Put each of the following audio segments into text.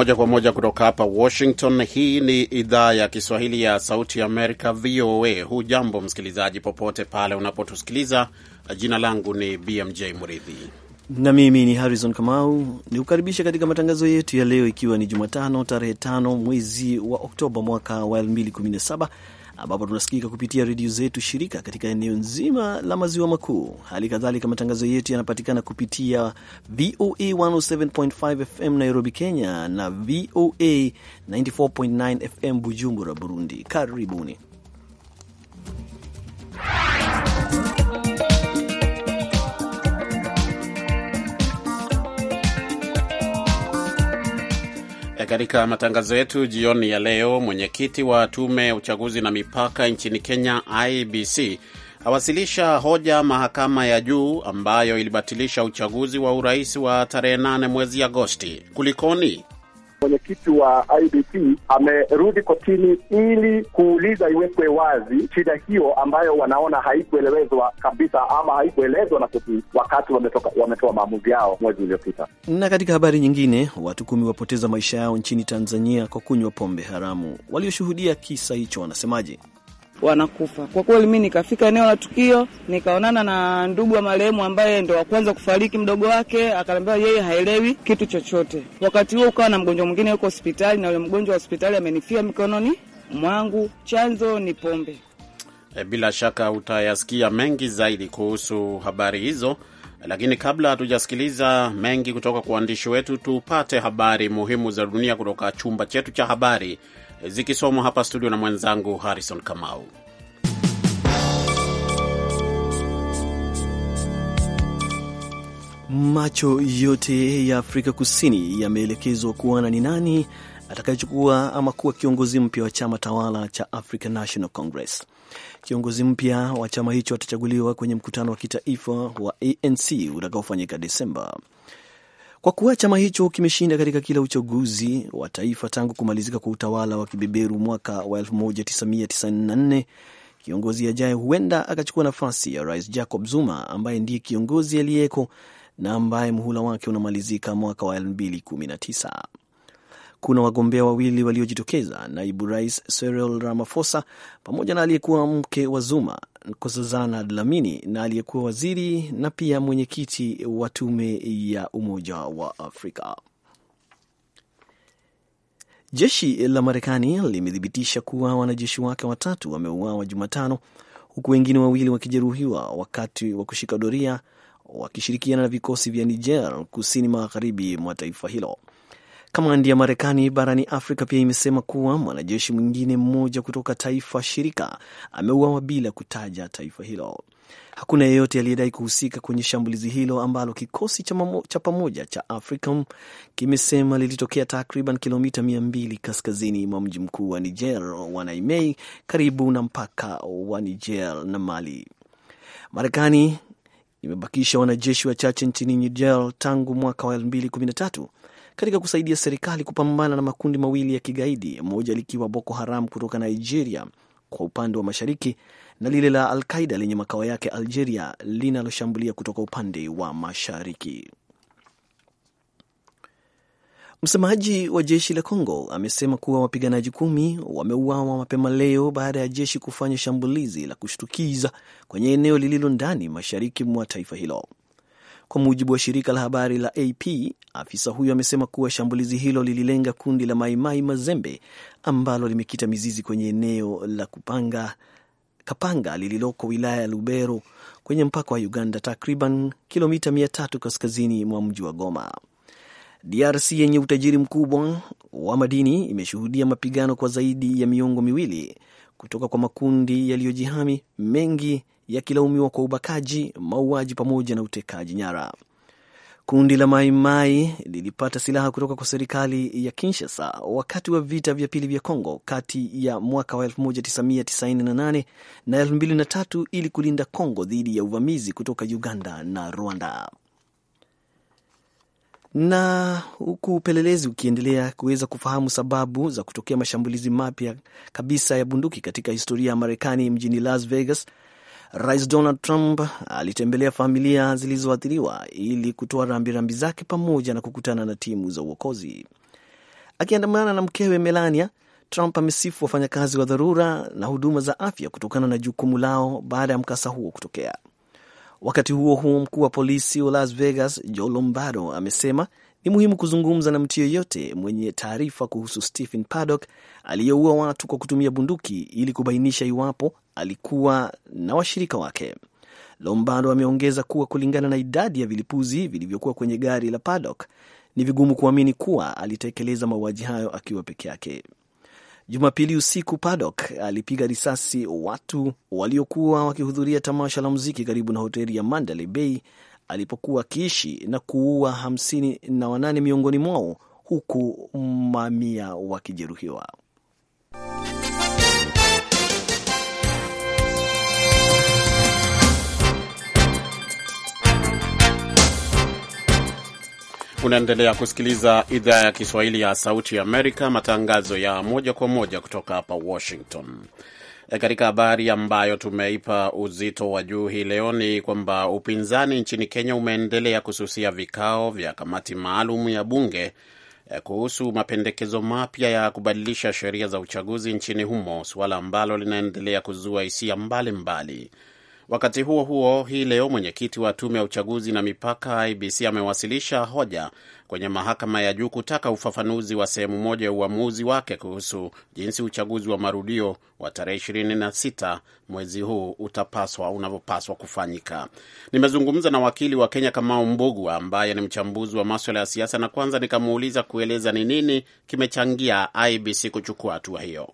moja kwa moja kutoka hapa Washington. Hii ni idhaa ya Kiswahili ya Sauti ya Amerika, VOA. Hujambo msikilizaji, popote pale unapotusikiliza. Jina langu ni BMJ mridhi na mimi ni Harrison Kamau, ni kukaribisha katika matangazo yetu ya leo, ikiwa ni Jumatano tarehe tano mwezi wa Oktoba mwaka wa 217 ambapo tunasikika kupitia redio zetu shirika katika eneo nzima la maziwa makuu. Hali kadhalika matangazo yetu yanapatikana kupitia VOA 107.5 FM Nairobi, Kenya na VOA 94.9 FM Bujumbura, Burundi. Karibuni. E, katika matangazo yetu jioni ya leo, mwenyekiti wa tume ya uchaguzi na mipaka nchini Kenya, IBC, awasilisha hoja mahakama ya juu ambayo ilibatilisha uchaguzi wa urais wa tarehe 8 mwezi Agosti. Kulikoni? Mwenyekiti wa IBC amerudi kotini ili kuuliza iwekwe wazi shida hiyo ambayo wanaona haikuelewezwa kabisa ama haikuelezwa na koti wakati wametoka, wametoa maamuzi yao mwezi uliopita. Na katika habari nyingine, watu kumi wapoteza maisha yao nchini Tanzania kwa kunywa pombe haramu. Walioshuhudia kisa hicho wanasemaje? wanakufa. Kwa kweli, mi nikafika eneo la tukio, nikaonana na ndugu wa marehemu ambaye ndo wa kwanza kufariki, mdogo wake akaniambia yeye haelewi kitu chochote. Wakati huo ukawa na mgonjwa mwingine yuko hospitali, na yule mgonjwa wa hospitali amenifia mikononi mwangu, chanzo ni pombe. Eh, bila shaka utayasikia mengi zaidi kuhusu habari hizo lakini kabla hatujasikiliza mengi kutoka kwa waandishi wetu, tupate habari muhimu za dunia kutoka chumba chetu cha habari, zikisomwa hapa studio na mwenzangu Harrison Kamau. Macho yote ya Afrika Kusini yameelekezwa kuona ni nani atakayechukua ama kuwa kiongozi mpya wa chama tawala cha African National Congress. Kiongozi mpya wa chama hicho atachaguliwa kwenye mkutano wa kitaifa wa ANC utakaofanyika Desemba. Kwa kuwa chama hicho kimeshinda katika kila uchaguzi wa taifa tangu kumalizika kwa utawala wa kibeberu mwaka wa 1994 kiongozi ajaye huenda akachukua nafasi ya rais Jacob Zuma ambaye ndiye kiongozi aliyeko na ambaye muhula wake unamalizika mwaka wa 2019 kuna wagombea wawili waliojitokeza, naibu rais Cyril Ramaphosa pamoja na aliyekuwa mke wa Zuma Nkosazana Dlamini na aliyekuwa waziri na pia mwenyekiti wa tume ya Umoja wa Afrika. Jeshi la Marekani limethibitisha kuwa wanajeshi wake watatu wameuawa Jumatano, huku wengine wawili wakijeruhiwa wakati wa kushika doria wakishirikiana na vikosi vya Niger kusini magharibi mwa taifa hilo. Kamandi ya Marekani barani Afrika pia imesema kuwa mwanajeshi mwingine mmoja kutoka taifa shirika ameuawa bila kutaja taifa hilo. Hakuna yeyote aliyedai kuhusika kwenye shambulizi hilo ambalo kikosi cha, mamo, cha pamoja cha AFRICOM kimesema lilitokea takriban kilomita 200 kaskazini mwa mji mkuu wa Niger wa Niamey, karibu na mpaka wa Niger na Mali. Marekani imebakisha wanajeshi wachache nchini Niger tangu mwaka wa 2013 katika kusaidia serikali kupambana na makundi mawili ya kigaidi, moja likiwa Boko Haram kutoka Nigeria kwa upande wa mashariki na lile la Al-Qaida lenye makao yake Algeria linaloshambulia kutoka upande wa mashariki. Msemaji wa jeshi la Congo amesema kuwa wapiganaji kumi wameuawa mapema leo baada ya jeshi kufanya shambulizi la kushtukiza kwenye eneo lililo ndani mashariki mwa taifa hilo. Kwa mujibu wa shirika la habari la AP, afisa huyo amesema kuwa shambulizi hilo lililenga kundi la Maimai Mazembe ambalo limekita mizizi kwenye eneo la kupanga Kapanga lililoko wilaya ya Lubero kwenye mpaka wa Uganda, takriban kilomita 3 kaskazini mwa mji wa Goma. DRC yenye utajiri mkubwa wa madini imeshuhudia mapigano kwa zaidi ya miongo miwili kutoka kwa makundi yaliyojihami, mengi yakilaumiwa kwa ubakaji, mauaji pamoja na utekaji nyara. Kundi la Maimai lilipata silaha kutoka kwa serikali ya Kinshasa wakati wa vita vya pili vya congo kati ya mwaka wa 1998 na 2003 ili kulinda congo dhidi ya uvamizi kutoka Uganda na Rwanda na huku upelelezi ukiendelea kuweza kufahamu sababu za kutokea mashambulizi mapya kabisa ya bunduki katika historia ya Marekani mjini Las Vegas, Rais Donald Trump alitembelea familia zilizoathiriwa ili kutoa rambirambi zake pamoja na kukutana na timu za uokozi. Akiandamana na mkewe Melania, Trump amesifu wafanyakazi wa dharura na huduma za afya kutokana na jukumu lao baada ya mkasa huo kutokea. Wakati huo huo, mkuu wa polisi wa Las Vegas Joe Lombardo amesema ni muhimu kuzungumza na mtu yeyote mwenye taarifa kuhusu Stephen Paddock aliyeua watu kwa kutumia bunduki ili kubainisha iwapo alikuwa na washirika wake. Lombardo ameongeza kuwa kulingana na idadi ya vilipuzi vilivyokuwa kwenye gari la Paddock, ni vigumu kuamini kuwa alitekeleza mauaji hayo akiwa peke yake. Jumapili usiku Padok alipiga risasi watu waliokuwa wakihudhuria tamasha la muziki karibu na hoteli ya Mandalay Bay alipokuwa akiishi na kuua hamsini na wanane miongoni mwao huku mamia wakijeruhiwa. Unaendelea kusikiliza idhaa ya Kiswahili ya Sauti ya Amerika, matangazo ya moja kwa moja kutoka hapa Washington. E, katika habari ambayo tumeipa uzito wa juu hii leo ni kwamba upinzani nchini Kenya umeendelea kususia vikao vya kamati maalum ya bunge e, kuhusu mapendekezo mapya ya kubadilisha sheria za uchaguzi nchini humo, suala ambalo linaendelea kuzua hisia mbalimbali. Wakati huo huo, hii leo mwenyekiti wa tume ya uchaguzi na mipaka IBC amewasilisha hoja kwenye mahakama ya juu kutaka ufafanuzi wa sehemu moja ya uamuzi wake kuhusu jinsi uchaguzi wa marudio wa tarehe sita mwezi huu utapaswa unavyopaswa kufanyika. Nimezungumza na wakili wa Kenya Kamau Mbugua ambaye ni mchambuzi wa maswala ya siasa, na kwanza nikamuuliza kueleza ni nini kimechangia IBC kuchukua hatua hiyo.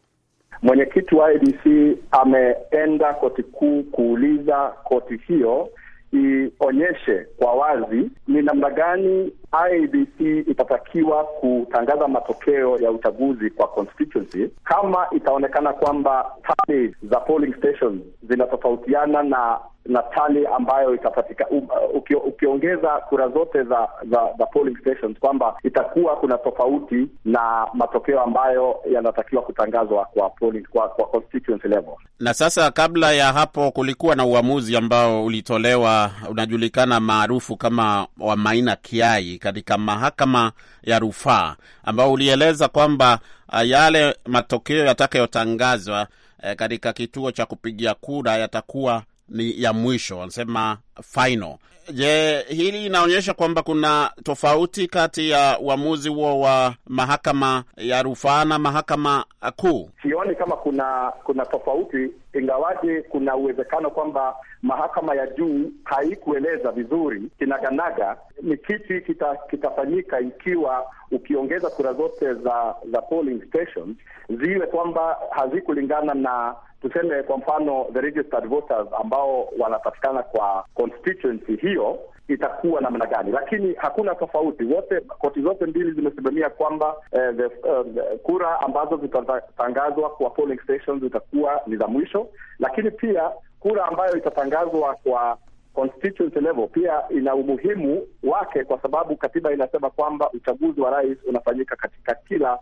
Mwenyekiti wa IDC ameenda koti kuu kuuliza koti hiyo ionyeshe kwa wazi ni namna gani IBC itatakiwa kutangaza matokeo ya uchaguzi kwa constituency kama itaonekana kwamba tali za polling stations zinatofautiana na na tali ambayo itapatika uh, ukio, ukiongeza kura zote za za, za polling stations kwamba itakuwa kuna tofauti na matokeo ambayo yanatakiwa kutangazwa kwa polling, kwa, kwa constituency level. Na sasa, kabla ya hapo, kulikuwa na uamuzi ambao ulitolewa unajulikana maarufu kama Maina Kiai katika mahakama ya rufaa ambao ulieleza kwamba ah, yale matokeo yatakayotangazwa eh, katika kituo cha kupigia kura yatakuwa ni ya mwisho, wanasema final. Je, hili inaonyesha kwamba kuna tofauti kati ya uamuzi huo wa mahakama ya rufaa na mahakama kuu? Sioni kama kuna kuna tofauti, ingawaje kuna uwezekano kwamba mahakama ya juu haikueleza vizuri kinaganaga ni kipi kita, kitafanyika ikiwa ukiongeza kura zote za za polling stations ziwe kwamba hazikulingana na tuseme kwa mfano the registered voters ambao wanapatikana kwa constituency hiyo itakuwa namna gani, lakini hakuna tofauti. Wote koti zote mbili zimesimamia kwamba eh, the, uh, the kura ambazo zitatangazwa kwa polling stations zitakuwa ni za mwisho, lakini pia kura ambayo itatangazwa kwa constituency level pia ina umuhimu wake, kwa sababu katiba inasema kwamba uchaguzi wa rais unafanyika katika kila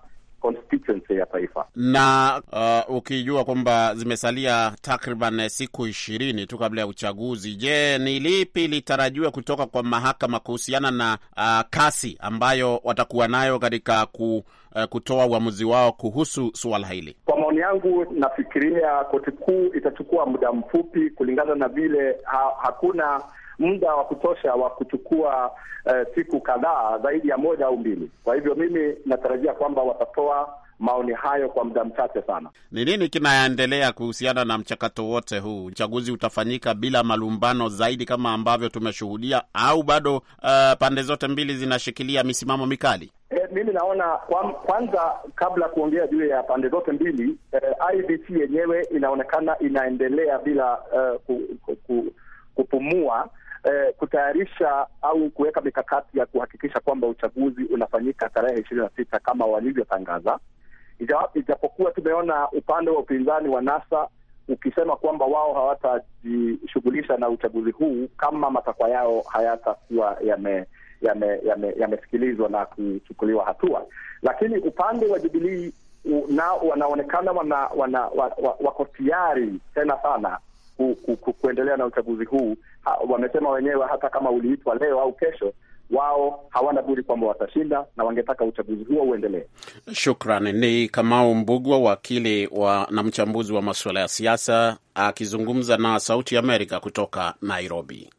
constituency ya taifa. Na uh, ukijua kwamba zimesalia takriban siku ishirini tu kabla ya uchaguzi, je, ni lipi litarajiwa kutoka kwa mahakama kuhusiana na uh, kasi ambayo watakuwa nayo katika ku uh, kutoa uamuzi wao kuhusu suala hili. Kwa maoni yangu, nafikiria koti kuu itachukua muda mfupi, kulingana na vile ha hakuna muda wa kutosha wa kuchukua eh, siku kadhaa zaidi ya moja au mbili. Kwa hivyo mimi natarajia kwamba watatoa maoni hayo kwa muda mchache sana. Ni nini kinaendelea kuhusiana na mchakato wote huu? Uchaguzi utafanyika bila malumbano zaidi kama ambavyo tumeshuhudia, au bado uh, pande zote mbili zinashikilia misimamo mikali? E, mimi naona kwa, kwanza kabla kuongea juu ya pande zote mbili e, eh, IBC yenyewe inaonekana inaendelea bila uh, ku, ku, ku, kupumua eh, kutayarisha au kuweka mikakati ya kuhakikisha kwamba uchaguzi unafanyika tarehe ishirini na sita kama walivyotangaza, ijapokuwa tumeona upande wa upinzani wa NASA ukisema kwamba wao hawatajishughulisha na uchaguzi huu kama matakwa yao hayatakuwa yame yamesikilizwa yame, yame na kuchukuliwa hatua, lakini upande wa Jubilii nao wanaonekana wana, wana, wana, wako tayari tena sana ku, ku, ku, kuendelea na uchaguzi huu ha, wamesema wenyewe hata kama uliitwa leo au kesho wao hawana budi kwamba watashinda na wangetaka uchaguzi huo uendelee. Shukran. Ni Kamau Mbugwa, wakili wa na mchambuzi wa masuala ya siasa akizungumza na Sauti ya Amerika kutoka Nairobi.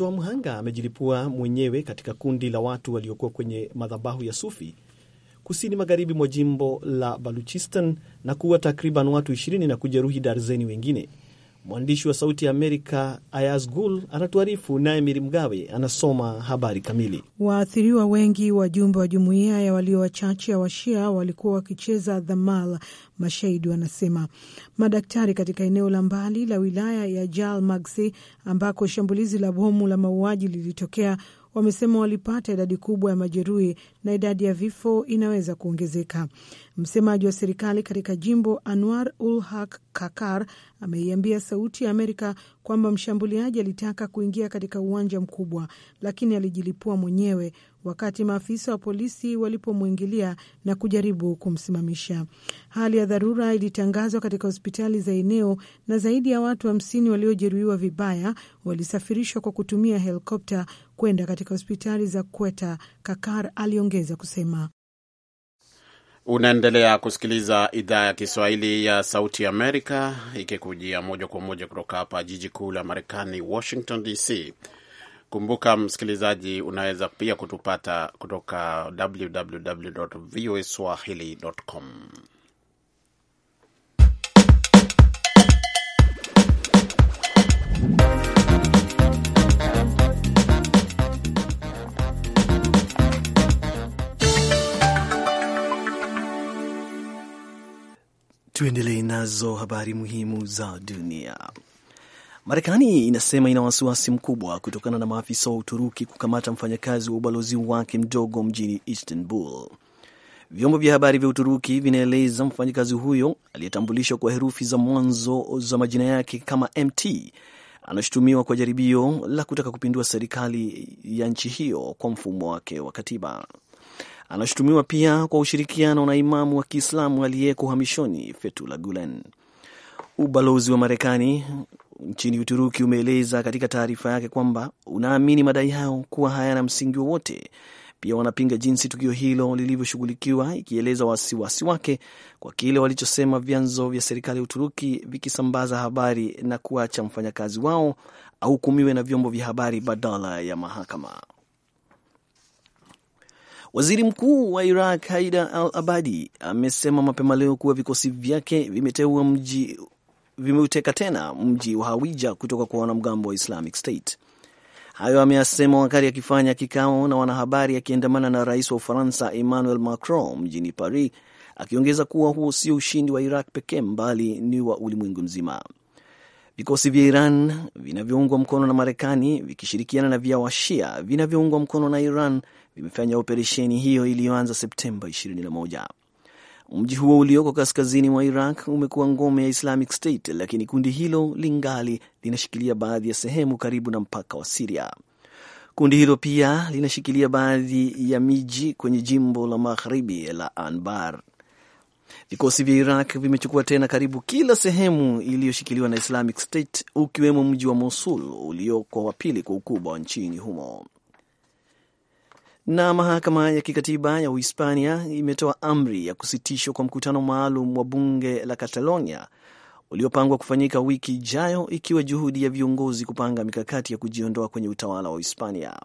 wa mhanga amejilipua mwenyewe katika kundi la watu waliokuwa kwenye madhabahu ya sufi kusini magharibi mwa jimbo la Baluchistan na kuwa takriban watu 20 na kujeruhi darzeni wengine. Mwandishi wa Sauti ya Amerika Ayaz Gul anatuarifu, naye Miri Mgawe anasoma habari kamili. Waathiriwa wengi wajumbe wa jumuiya ya walio wachache ya Washia walikuwa wakicheza dhamal, mashahidi wanasema. Madaktari katika eneo la mbali la wilaya ya Jal Magsi ambako shambulizi la bomu la mauaji lilitokea wamesema walipata idadi kubwa ya majeruhi na idadi ya vifo inaweza kuongezeka. Msemaji wa serikali katika jimbo Anwar ul Haq Kakar ameiambia Sauti ya Amerika kwamba mshambuliaji alitaka kuingia katika uwanja mkubwa, lakini alijilipua mwenyewe wakati maafisa wa polisi walipomwingilia na kujaribu kumsimamisha. Hali ya dharura ilitangazwa katika hospitali za eneo na zaidi ya watu hamsini wa waliojeruhiwa vibaya walisafirishwa kwa kutumia helikopta kwenda katika hospitali za Kweta. Kakar aliongeza kusema. Unaendelea kusikiliza idhaa ya Kiswahili ya Sauti Amerika ikikujia moja kwa moja kutoka hapa jiji kuu la Marekani, Washington DC. Kumbuka msikilizaji, unaweza pia kutupata kutoka www.voaswahili.com. Tuendelee nazo habari muhimu za dunia. Marekani inasema ina wasiwasi mkubwa kutokana na maafisa wa Uturuki kukamata mfanyakazi wa ubalozi wake mdogo mjini Istanbul. Vyombo vya habari vya Uturuki vinaeleza mfanyakazi huyo aliyetambulishwa kwa herufi za mwanzo za majina yake kama MT anashutumiwa kwa jaribio la kutaka kupindua serikali ya nchi hiyo kwa mfumo wake wa katiba. Anashutumiwa pia kwa ushirikiano na imamu wa Kiislamu aliyeko uhamishoni Fethullah Gulen. Ubalozi wa Marekani nchini Uturuki umeeleza katika taarifa yake kwamba unaamini madai hayo kuwa hayana msingi wowote. Pia wanapinga jinsi tukio hilo lilivyoshughulikiwa, ikieleza wasiwasi wake kwa kile walichosema vyanzo vya serikali ya Uturuki vikisambaza habari na kuacha mfanyakazi wao ahukumiwe na vyombo vya habari badala ya mahakama. Waziri Mkuu wa Iraq Haidar al Abadi amesema mapema leo kuwa vikosi vyake vimeteua mji vimeuteka tena mji wa Hawija kutoka kwa wanamgambo wa Islamic State. Hayo ameyasema wakati akifanya kikao na wanahabari akiandamana na rais wa Ufaransa Emmanuel Macron mjini Paris, akiongeza kuwa huo sio ushindi wa Iraq pekee mbali ni wa ulimwengu mzima. Vikosi vya Iran vinavyoungwa mkono na Marekani vikishirikiana na vya Washia vinavyoungwa mkono na Iran vimefanya operesheni hiyo iliyoanza Septemba 21. Mji huo ulioko kaskazini mwa Iraq umekuwa ngome ya Islamic State, lakini kundi hilo lingali linashikilia baadhi ya sehemu karibu na mpaka wa Siria. Kundi hilo pia linashikilia baadhi ya miji kwenye jimbo la magharibi la Anbar. Vikosi vya Iraq vimechukua tena karibu kila sehemu iliyoshikiliwa na Islamic State, ukiwemo mji wa Mosul ulioko wa pili kwa ukubwa nchini humo. Na mahakama ya kikatiba ya Uhispania imetoa amri ya kusitishwa kwa mkutano maalum wa bunge la Catalonia uliopangwa kufanyika wiki ijayo, ikiwa juhudi ya viongozi kupanga mikakati ya kujiondoa kwenye utawala wa Uhispania.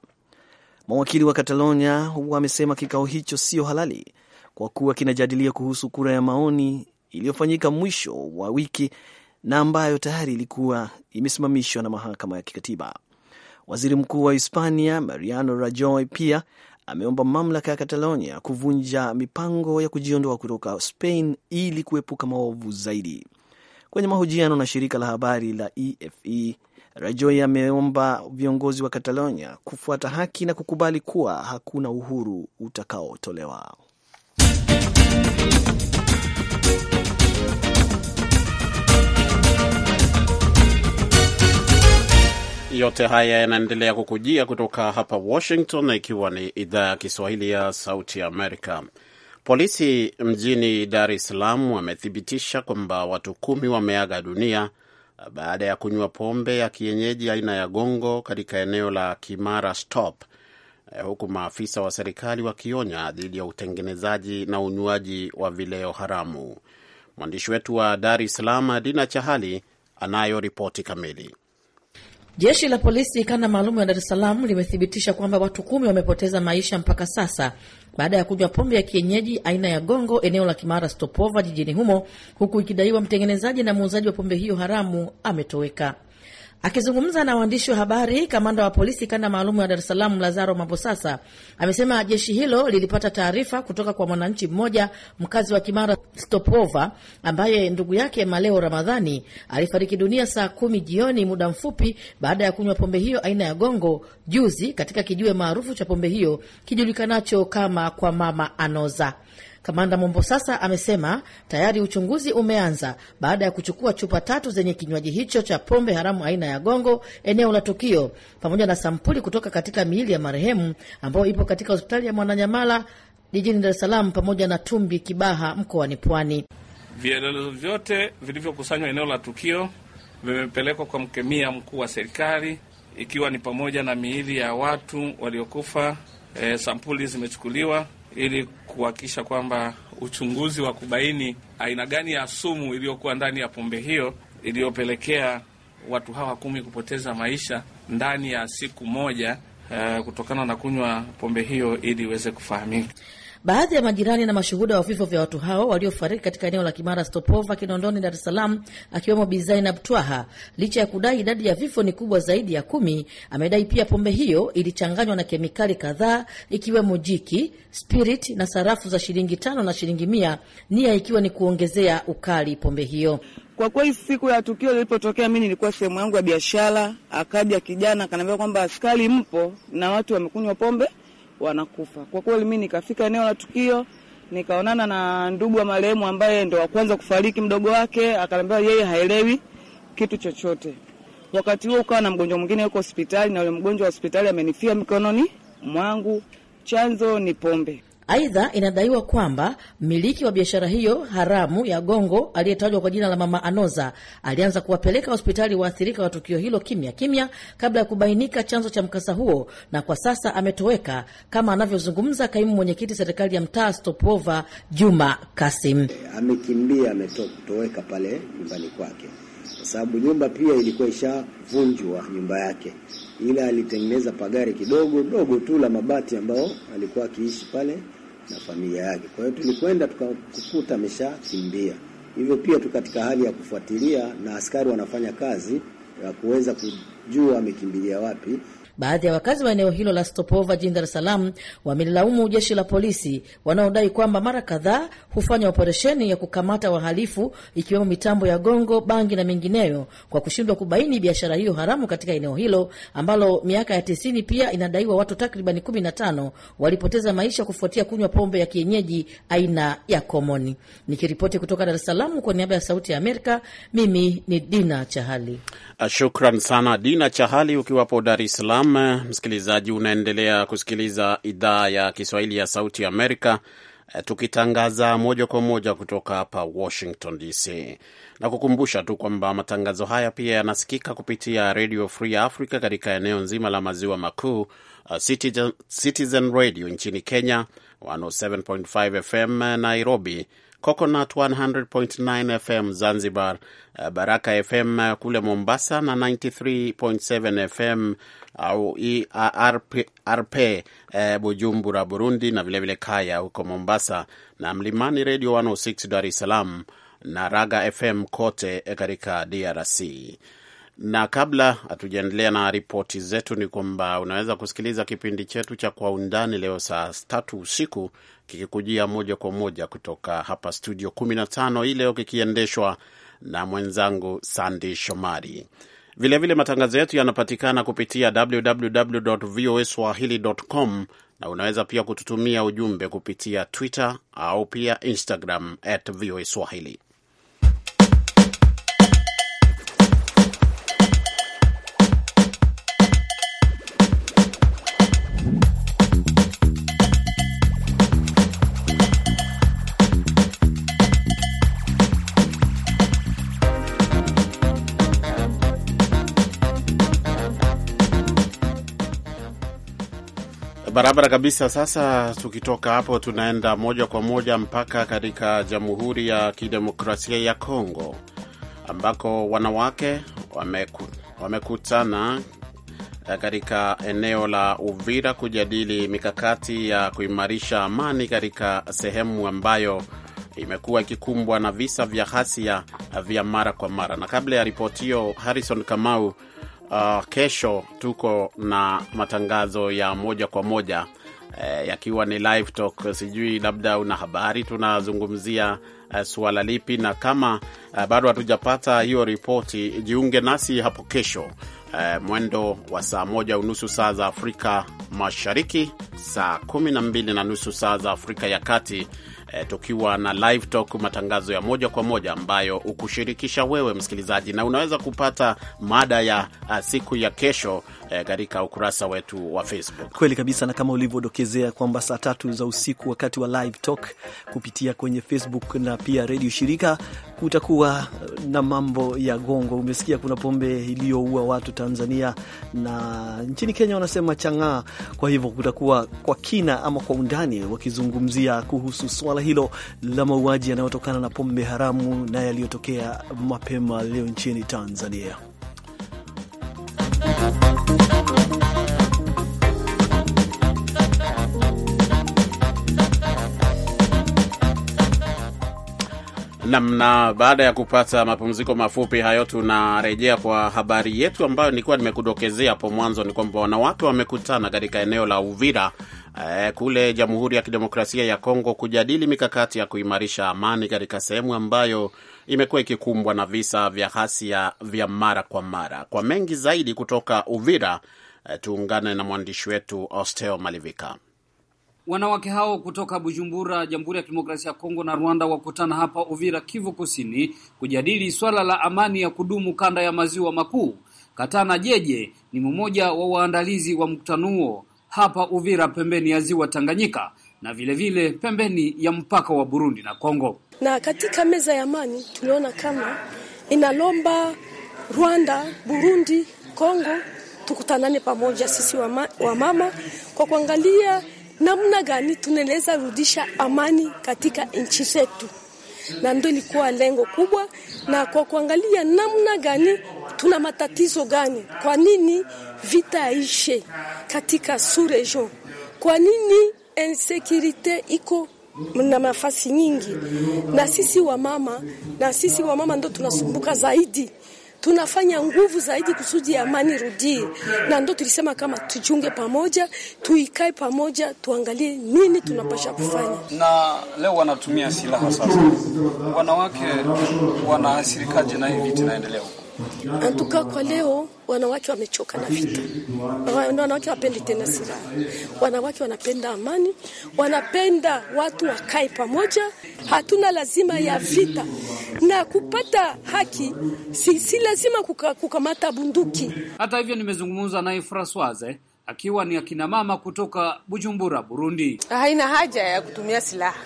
Mawakili wa Catalonia wamesema kikao hicho sio halali kwa kuwa kinajadilia kuhusu kura ya maoni iliyofanyika mwisho wa wiki na ambayo tayari ilikuwa imesimamishwa na mahakama ya kikatiba. Waziri Mkuu wa Hispania Mariano Rajoy pia ameomba mamlaka ya Catalonia kuvunja mipango ya kujiondoa kutoka Spain ili kuepuka maovu zaidi. Kwenye mahojiano na shirika la habari la EFE, e, Rajoy ameomba viongozi wa Catalonia kufuata haki na kukubali kuwa hakuna uhuru utakaotolewa. yote haya yanaendelea kukujia kutoka hapa Washington, ikiwa ni idhaa ya Kiswahili ya Sauti ya Amerika. Polisi mjini Dar es Salaam wamethibitisha kwamba watu kumi wameaga dunia baada ya kunywa pombe ya kienyeji aina ya gongo katika eneo la Kimara Stop, eh, huku maafisa wa serikali wakionya dhidi ya utengenezaji na unywaji wa vileo haramu. Mwandishi wetu wa Dar es Salaam Dina Chahali anayo ripoti kamili. Jeshi la polisi kanda maalumu ya Dar es Salaam limethibitisha kwamba watu kumi wamepoteza maisha mpaka sasa baada ya kunywa pombe ya kienyeji aina ya gongo eneo la Kimara Stopova jijini humo, huku ikidaiwa mtengenezaji na muuzaji wa pombe hiyo haramu ametoweka. Akizungumza na waandishi wa habari, kamanda wa polisi kanda maalumu ya Dar es Salaam Lazaro Mabosasa amesema jeshi hilo lilipata taarifa kutoka kwa mwananchi mmoja mkazi wa Kimara Stopova, ambaye ndugu yake Maleo Ramadhani alifariki dunia saa kumi jioni, muda mfupi baada ya kunywa pombe hiyo aina ya gongo juzi, katika kijiwe maarufu cha pombe hiyo kijulikanacho kama kwa mama Anoza. Kamanda Mombosasa amesema tayari uchunguzi umeanza baada ya kuchukua chupa tatu zenye kinywaji hicho cha pombe haramu aina ya gongo eneo la tukio, pamoja na sampuli kutoka katika miili ya marehemu ambayo ipo katika hospitali ya Mwananyamala jijini Dar es Salaam pamoja na Tumbi Kibaha mkoani Pwani. Vielelezo vyote vilivyokusanywa eneo la tukio vimepelekwa kwa mkemia mkuu wa serikali ikiwa ni pamoja na miili ya watu waliokufa. E, sampuli zimechukuliwa ili kuhakikisha kwamba uchunguzi wa kubaini aina gani ya sumu iliyokuwa ndani ya pombe hiyo iliyopelekea watu hawa kumi kupoteza maisha ndani ya siku moja, uh, kutokana na kunywa pombe hiyo ili iweze kufahamika. Baadhi ya majirani na mashuhuda wa vifo vya watu hao waliofariki katika eneo la Kimara Stopova, Kinondoni, Dar es Salaam, akiwemo Bi Zainab Twaha, licha ya kudai idadi ya vifo ni kubwa zaidi ya kumi, amedai pia pombe hiyo ilichanganywa na kemikali kadhaa ikiwemo jiki, spirit na sarafu za shilingi tano na shilingi mia, nia ikiwa ni kuongezea ukali pombe hiyo. Kwa kweli siku ya tukio lilipotokea, mimi nilikuwa sehemu yangu ya biashara, akaja kijana akaniambia kwamba askari mpo na watu wamekunywa pombe wanakufa. Kwa kweli mimi nikafika eneo la tukio nikaonana na ndugu wa marehemu ambaye ndo wa kwanza kufariki, mdogo wake akaniambia yeye haelewi kitu chochote. Wakati huo ukawa na mgonjwa mwingine yuko hospitali, na yule mgonjwa wa hospitali amenifia mikononi mwangu, chanzo ni pombe. Aidha, inadaiwa kwamba mmiliki wa biashara hiyo haramu ya gongo aliyetajwa kwa jina la Mama Anoza alianza kuwapeleka hospitali waathirika wa tukio hilo kimya kimya kabla ya kubainika chanzo cha mkasa huo, na kwa sasa ametoweka, kama anavyozungumza kaimu mwenyekiti serikali ya mtaa Stopova, Juma Kasim. Amekimbia, ametoweka pale nyumbani kwake, kwa sababu nyumba pia ilikuwa ishavunjwa, nyumba yake ila alitengeneza pagari kidogo dogo tu la mabati ambao alikuwa akiishi pale na familia yake. Kwa hiyo tulikwenda tukakukuta ameshakimbia. Hivyo pia tu katika hali ya kufuatilia na askari wanafanya kazi ya kuweza kujua amekimbilia wapi, Baadhi ya wakazi wa eneo hilo la Stopova jijini Dar es Salaam wamelilaumu jeshi la polisi wanaodai kwamba mara kadhaa hufanya operesheni ya kukamata wahalifu ikiwemo mitambo ya gongo, bangi na mengineyo kwa kushindwa kubaini biashara hiyo haramu katika eneo hilo ambalo miaka ya tisini pia inadaiwa watu takribani kumi na tano walipoteza maisha kufuatia kunywa pombe ya kienyeji aina ya komoni. Nikiripoti kutoka Dar es Salaam kwa niaba ya Sauti ya Amerika, mimi ni Dina Chahali. Shukran sana Dina Chahali ukiwapo Dar es Salaam. Naam, msikilizaji, unaendelea kusikiliza idhaa ya Kiswahili ya Sauti ya Amerika eh, tukitangaza moja kwa moja kutoka hapa Washington DC, na kukumbusha tu kwamba matangazo haya pia yanasikika kupitia Radio Free Africa katika eneo nzima la maziwa makuu, eh, Citizen Radio nchini Kenya, 107.5 FM Nairobi, Coconut 100.9 FM Zanzibar, uh, Baraka FM uh, kule Mombasa na 93.7 FM au ERP, uh, RP Bujumbura Burundi, na vilevile Kaya huko Mombasa na Mlimani Radio 106 Dar es Salaam na Raga FM kote katika DRC. Na kabla hatujaendelea na ripoti zetu, ni kwamba unaweza kusikiliza kipindi chetu cha Kwa Undani leo saa tatu usiku kikikujia moja kwa moja kutoka hapa studio 15, hii leo kikiendeshwa na mwenzangu Sandi Shomari. Vilevile matangazo yetu yanapatikana kupitia www voa swahili.com, na unaweza pia kututumia ujumbe kupitia Twitter au pia Instagram at voa swahili. Barabara kabisa. Sasa tukitoka hapo, tunaenda moja kwa moja mpaka katika Jamhuri ya Kidemokrasia ya Kongo ambako wanawake wameku, wamekutana eh, katika eneo la Uvira kujadili mikakati ya kuimarisha amani katika sehemu ambayo imekuwa ikikumbwa na visa vya ghasia vya mara kwa mara. Na kabla ya ripoti hiyo, Harrison Kamau uh, kesho tuko na matangazo ya moja kwa moja eh, yakiwa ni live talk. Sijui labda una habari, tunazungumzia uh, suala lipi? Na kama uh, bado hatujapata hiyo ripoti, jiunge nasi hapo kesho uh, mwendo wa saa moja unusu saa za Afrika Mashariki, saa kumi na mbili na nusu saa za Afrika ya Kati e, tukiwa na live talk, matangazo ya moja kwa moja ambayo ukushirikisha wewe msikilizaji, na unaweza kupata mada ya eh, siku ya kesho Eh, katika eh, ukurasa wetu wa Facebook. Kweli kabisa, na kama ulivyodokezea kwamba saa tatu za usiku wakati wa live talk kupitia kwenye Facebook na pia redio shirika kutakuwa na mambo ya gongo. Umesikia kuna pombe iliyoua watu Tanzania na nchini Kenya wanasema chang'aa. Kwa hivyo kutakuwa kwa kina ama kwa undani wakizungumzia kuhusu swala hilo la mauaji yanayotokana na pombe haramu na yaliyotokea mapema leo nchini Tanzania. namna. Baada ya kupata mapumziko mafupi hayo, tunarejea kwa habari yetu ambayo nilikuwa nimekudokezea hapo mwanzo, ni kwamba wanawake wamekutana katika eneo la Uvira eh, kule Jamhuri ya Kidemokrasia ya Kongo kujadili mikakati ya kuimarisha amani katika sehemu ambayo imekuwa ikikumbwa na visa vya ghasia vya mara kwa mara. Kwa mengi zaidi kutoka Uvira, eh, tuungane na mwandishi wetu Osteo Malivika. Wanawake hao kutoka Bujumbura, Jamhuri ya Kidemokrasia ya Kongo na Rwanda wakutana hapa Uvira, Kivu Kusini, kujadili swala la amani ya kudumu kanda ya maziwa makuu. Katana Jeje ni mmoja wa waandalizi wa mkutano huo hapa Uvira, pembeni ya ziwa Tanganyika na vilevile vile pembeni ya mpaka wa Burundi na Kongo. Na katika meza ya amani tuliona kama inalomba Rwanda, Burundi, Kongo tukutanane pamoja sisi wa mama kwa kuangalia namna gani tunaweza rudisha amani katika nchi zetu, na ndio ilikuwa lengo kubwa, na kwa kuangalia namna gani tuna matatizo gani, kwa nini vita yaishe katika surejo, kwa nini insekurite iko na nafasi nyingi, na sisi wamama, na sisi wamama ndo tunasumbuka zaidi tunafanya nguvu zaidi kusudi amani rudie, na ndo tulisema kama tuchunge pamoja, tuikae pamoja, tuangalie nini tunapasha kufanya. Na leo wanatumia silaha sasa, wanawake wanaasirikaje na hivi vita inaendelea huko? Antuka kwa leo Wanawake wamechoka na vita, wanawake wapendi tena silaha, wanawake wanapenda amani, wanapenda watu wakae pamoja. Hatuna lazima ya vita na kupata haki, si, si lazima kuka, kukamata bunduki. Hata hivyo nimezungumza naye Franswaze eh, akiwa ni akinamama kutoka Bujumbura, Burundi. Haina haja ya kutumia silaha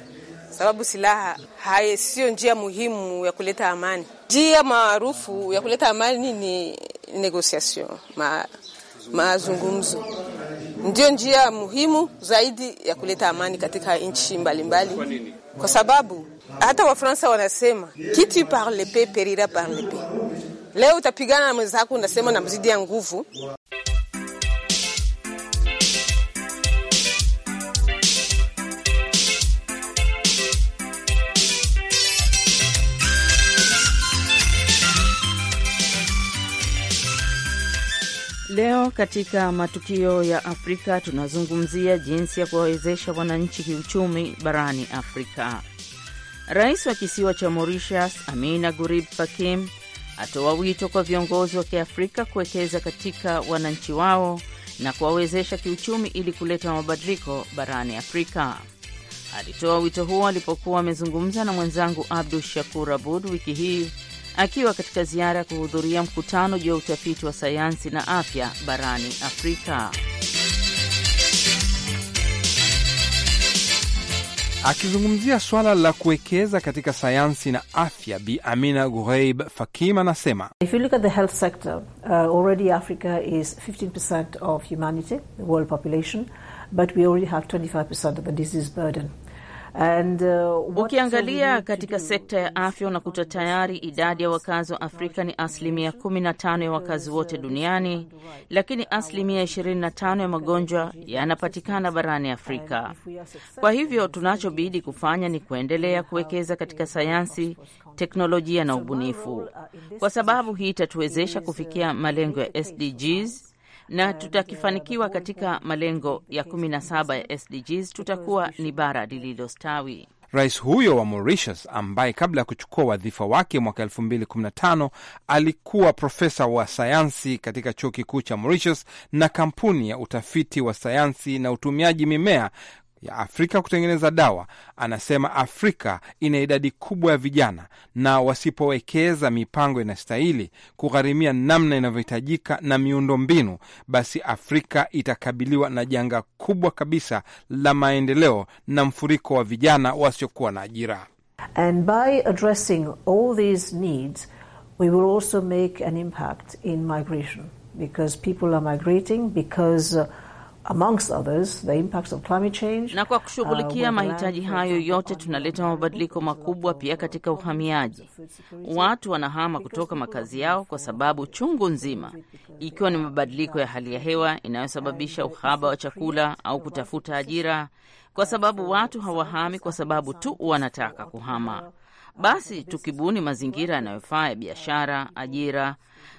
sababu silaha haya siyo njia muhimu ya kuleta amani. Njia maarufu ya kuleta amani ni negosiation, ma, mazungumzo ndiyo njia muhimu zaidi ya kuleta amani katika nchi mbalimbali, kwa sababu hata Wafransa wanasema kiti par le pe perira par le pe. Leo utapigana na mwenzako, unasema namzidi ya nguvu Leo katika matukio ya Afrika tunazungumzia jinsi ya kuwawezesha wananchi kiuchumi barani Afrika. Rais wa kisiwa cha Mauritius Amina Gurib Fakim atoa wito kwa viongozi wa Kiafrika kuwekeza katika wananchi wao na kuwawezesha kiuchumi ili kuleta mabadiliko barani Afrika. Alitoa wito huo alipokuwa amezungumza na mwenzangu Abdu Shakur Abud wiki hii akiwa katika ziara ya kuhudhuria mkutano juu ya utafiti wa sayansi na afya barani Afrika. Akizungumzia swala la kuwekeza katika sayansi na afya, Bi Amina Ghureib Fakim anasema burden. And, uh, ukiangalia katika sekta ya afya unakuta tayari idadi ya wakazi wa Afrika ni asilimia 15 ya wakazi wote duniani, lakini asilimia 25 ya magonjwa yanapatikana barani Afrika. Kwa hivyo tunachobidi kufanya ni kuendelea kuwekeza katika sayansi, teknolojia na ubunifu, kwa sababu hii itatuwezesha kufikia malengo ya SDGs na tutakifanikiwa katika malengo ya 17 ya SDGs, tutakuwa ni bara lililostawi. Rais huyo wa Mauritius ambaye kabla ya kuchukua wadhifa wake mwaka 2015 alikuwa profesa wa sayansi katika chuo kikuu cha Mauritius na kampuni ya utafiti wa sayansi na utumiaji mimea ya Afrika kutengeneza dawa. Anasema Afrika ina idadi kubwa ya vijana, na wasipowekeza mipango inastahili kugharimia namna inavyohitajika na miundo mbinu, basi Afrika itakabiliwa na janga kubwa kabisa la maendeleo na mfuriko wa vijana wasiokuwa na ajira. And by addressing all these needs, we will also make an impact in migration because people are migrating because uh, Amongst others, the impacts of climate change, na kwa kushughulikia uh, mahitaji hayo yote tunaleta mabadiliko makubwa pia katika uhamiaji. Watu wanahama kutoka makazi yao kwa sababu chungu nzima, ikiwa ni mabadiliko ya hali ya hewa inayosababisha uhaba wa chakula au kutafuta ajira, kwa sababu watu hawahami kwa sababu tu wanataka kuhama. Basi tukibuni mazingira yanayofaa ya biashara, ajira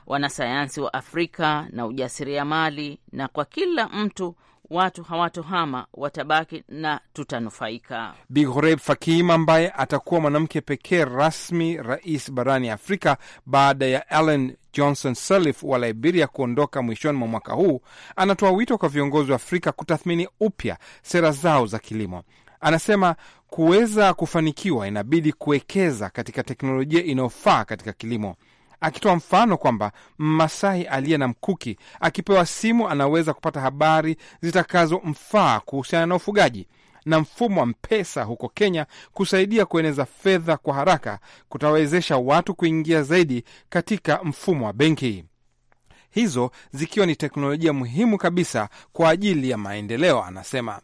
wanasayansi wa Afrika na ujasiriamali, na kwa kila mtu watu hawatohama, watabaki na tutanufaika. Bi Ghoreb Fakim ambaye atakuwa mwanamke pekee rasmi rais barani Afrika baada ya Ellen Johnson Sirleaf wa Liberia kuondoka mwishoni mwa mwaka huu, anatoa wito kwa viongozi wa Afrika kutathmini upya sera zao za kilimo. Anasema kuweza kufanikiwa inabidi kuwekeza katika teknolojia inayofaa katika kilimo akitoa mfano kwamba Mmasai aliye na mkuki akipewa simu anaweza kupata habari zitakazomfaa kuhusiana na ufugaji na mfumo wa mpesa huko Kenya kusaidia kueneza fedha kwa haraka kutawezesha watu kuingia zaidi katika mfumo wa benki, hizo zikiwa ni teknolojia muhimu kabisa kwa ajili ya maendeleo, anasema.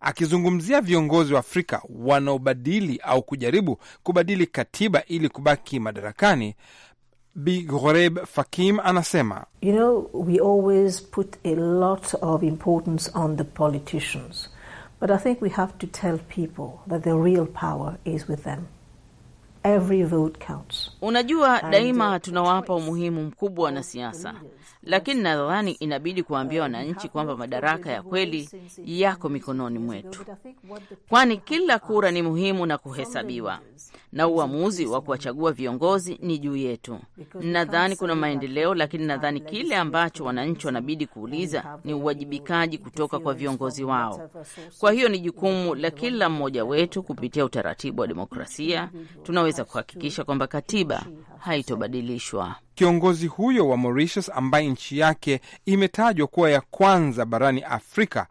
Akizungumzia viongozi wa Afrika wanaobadili au kujaribu kubadili katiba ili kubaki madarakani, Bi Ghoreb Fakim anasema you know, we always put a lot of importance on the politicians but I think we have to tell people that the real power is with them. Every vote counts. Unajua, daima uh, tunawapa umuhimu mkubwa wanasiasa, lakini nadhani inabidi kuwaambia wananchi kwamba madaraka ya kweli yako mikononi mwetu, kwani kila kura ni muhimu na kuhesabiwa na uamuzi wa kuwachagua viongozi ni juu yetu. Nadhani kuna maendeleo, lakini nadhani kile ambacho wananchi wanabidi kuuliza ni uwajibikaji kutoka kwa viongozi wao. Kwa hiyo ni jukumu la kila mmoja wetu. Kupitia utaratibu wa demokrasia, tunaweza kuhakikisha kwamba katiba haitobadilishwa. Kiongozi huyo wa Mauritius ambaye nchi yake imetajwa kuwa ya kwanza barani Afrika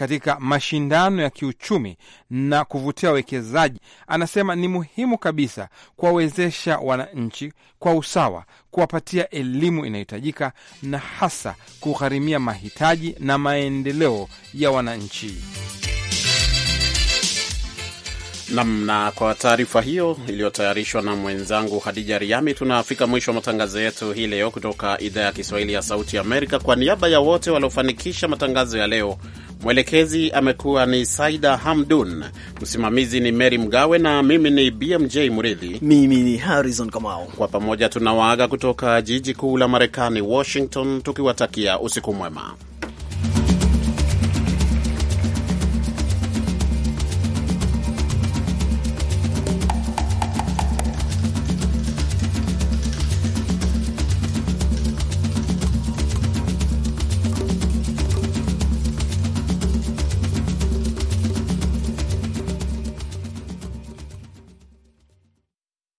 katika mashindano ya kiuchumi na kuvutia wawekezaji. Anasema ni muhimu kabisa kuwawezesha wananchi kwa usawa, kuwapatia elimu inayohitajika na hasa kugharimia mahitaji na maendeleo ya wananchi. Nam, na kwa taarifa hiyo iliyotayarishwa na mwenzangu Hadija Riami, tunafika mwisho wa matangazo yetu hii leo kutoka idhaa ya Kiswahili ya Sauti Amerika. Kwa niaba ya wote waliofanikisha matangazo ya leo, mwelekezi amekuwa ni Saida Hamdun, msimamizi ni Mary Mgawe na mimi ni BMJ Mridhi. mimi ni Harrison Kamau. Kwa pamoja tunawaaga kutoka jiji kuu la Marekani, Washington, tukiwatakia usiku mwema.